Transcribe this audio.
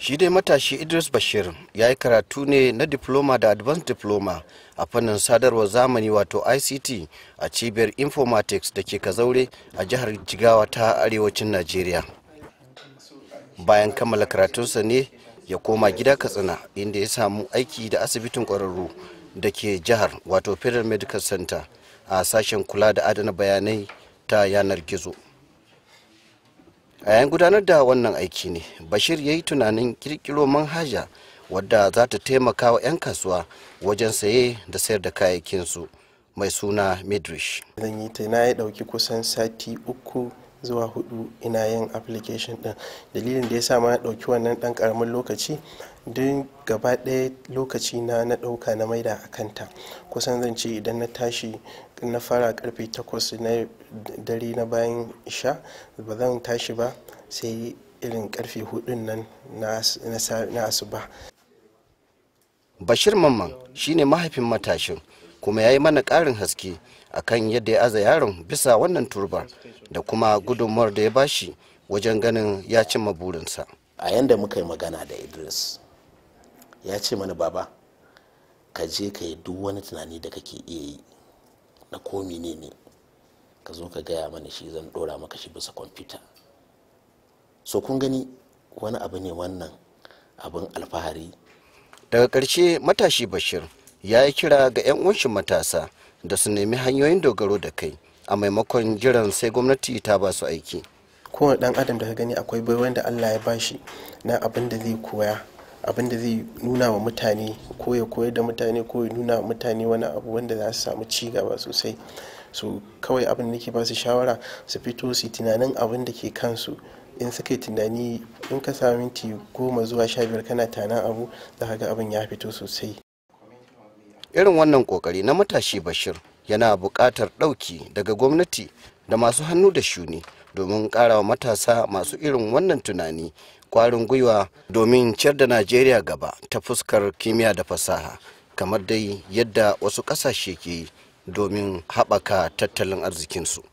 shi dai matashi idris bashir ya yi karatu ne na diploma da advanced diploma a fannin sadarwar zamani wato ict a cibiyar informatics da ke kazaure a jihar jigawa ta arewacin najeriya bayan kammala karatunsa ne ya koma gida katsina inda ya samu aiki da asibitin kwararru da ke jihar wato federal medical center a sashen kula da adana bayanai ta yanar gizo a yayin gudanar da wannan aiki ne bashir ya yi tunanin kirkiro manhaja wadda za ta taimaka wa 'yan kasuwa wajen saye da sayar da kayayyakinsu mai suna midrish zan yi ta na ya ɗauki kusan sati uku zuwa hudu ina yin application din dalilin da ya sa ma na ɗauki wannan ɗan karamin lokaci don gaba ɗaya lokaci na na ɗauka na maida a kanta kusan zan ce idan na tashi na fara karfe 8 na dare na bayan isha ba zan tashi ba sai irin karfe hudun nan na asuba bashir mamman shine mahaifin matashin kuma ya yi mana ƙarin haske akan yadda ya aza yaron bisa wannan turbar da kuma gudunmuwar da ya bashi wajen ganin ya cimma burinsa a yanda muka yi magana da idris ya ce mana baba ka je ka yi duk wani tunani da kake iya yi na komi ne ne ka zo ka gaya mana shi zan dora maka shi bisa kwamfuta so kun gani wani abu ne wannan abin alfahari daga karshe matashi bashir ya yi kira ga 'yan unshin matasa da su nemi hanyoyin dogaro da kai a maimakon jiran sai gwamnati ta ba su aiki kowane dan adam da ka gani akwai bai da allah ya bashi na abin da zai koya abin da zai nuna wa mutane ko ya koyar da mutane ko ya nuna wa mutane wani abu wanda za su samu ci gaba sosai su kawai abin da nake ba shawara su fito su tunanin abin da ke kansu in suka yi tunani in ka sami minti goma zuwa sha biyar kana tana abu za ka ga abin ya fito sosai irin wannan kokari na matashi bashir yana buƙatar ɗauki daga gwamnati da masu hannu da shuni domin ƙarawa matasa masu irin wannan tunani kwarin gwiwa domin ciyar da najeriya gaba ta fuskar kimiyya da fasaha kamar dai yadda wasu ƙasashe ke yi domin haɓaka tattalin arzikinsu